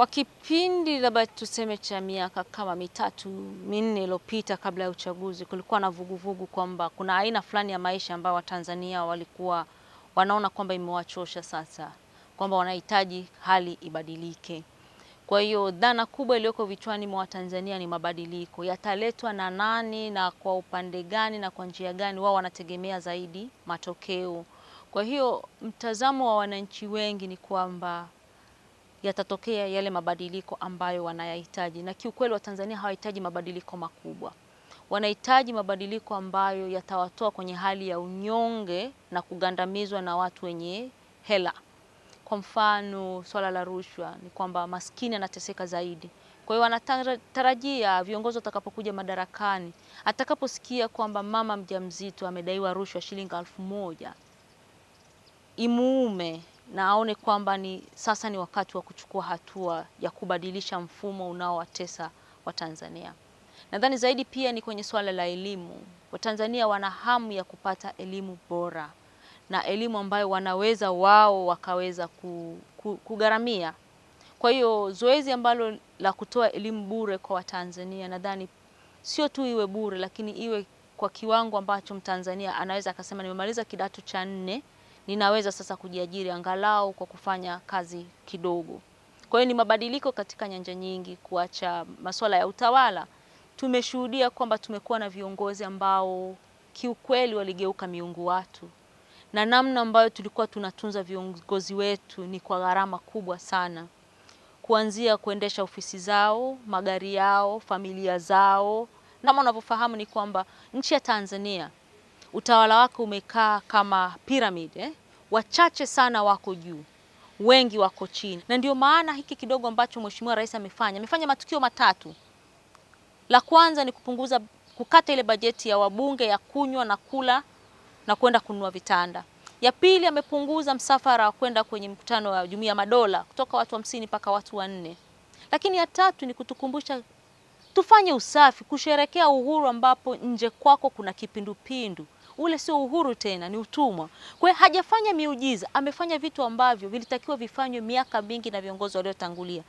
Kwa kipindi labda tuseme cha miaka kama mitatu minne iliyopita kabla ya uchaguzi, kulikuwa na vuguvugu kwamba kuna aina fulani ya maisha ambayo Watanzania walikuwa wanaona kwamba imewachosha sasa, kwamba wanahitaji hali ibadilike. Kwa hiyo dhana kubwa iliyoko vichwani mwa Watanzania ni mabadiliko yataletwa na nani na kwa upande gani na kwa njia gani, wao wanategemea zaidi matokeo. Kwa hiyo mtazamo wa wananchi wengi ni kwamba yatatokea yale mabadiliko ambayo wanayahitaji, na kiukweli Watanzania hawahitaji mabadiliko makubwa, wanahitaji mabadiliko ambayo yatawatoa kwenye hali ya unyonge na kugandamizwa na watu wenye hela. Kwa mfano swala la rushwa, ni kwamba maskini anateseka zaidi. Kwa hiyo wanatarajia viongozi watakapokuja madarakani, atakaposikia kwamba mama mjamzito amedaiwa rushwa shilingi elfu moja imuume na aone kwamba ni sasa ni wakati wa kuchukua hatua ya kubadilisha mfumo unaowatesa Watanzania. Nadhani zaidi pia ni kwenye suala la elimu. Watanzania wana hamu ya kupata elimu bora na elimu ambayo wanaweza wao wakaweza ku, ku, kugharamia. Kwa hiyo zoezi ambalo la kutoa elimu bure kwa Watanzania nadhani sio tu iwe bure, lakini iwe kwa kiwango ambacho Mtanzania anaweza akasema nimemaliza kidato cha nne ninaweza sasa kujiajiri angalau kwa kufanya kazi kidogo. Kwa hiyo ni mabadiliko katika nyanja nyingi, kuacha masuala ya utawala. Tumeshuhudia kwamba tumekuwa na viongozi ambao kiukweli waligeuka miungu watu, na namna ambayo tulikuwa tunatunza viongozi wetu ni kwa gharama kubwa sana, kuanzia kuendesha ofisi zao, magari yao, familia zao. Kama unavyofahamu ni kwamba nchi ya Tanzania utawala wake umekaa kama pyramid eh? Wachache sana wako juu, wengi wako chini, na ndio maana hiki kidogo ambacho Mheshimiwa Rais amefanya, amefanya matukio matatu. La kwanza ni kupunguza, kukata ile bajeti ya wabunge ya kunywa na kula na kwenda kununua vitanda. Ya pili amepunguza msafara wa kwenda kwenye mkutano wa Jumuiya ya Madola kutoka watu hamsini wa mpaka watu wanne. Lakini ya tatu ni kutukumbusha tufanye usafi, kusherekea uhuru ambapo nje kwako kuna kipindupindu ule sio uhuru tena, ni utumwa. Kwa hiyo hajafanya miujiza, amefanya vitu ambavyo vilitakiwa vifanywe miaka mingi na viongozi waliotangulia.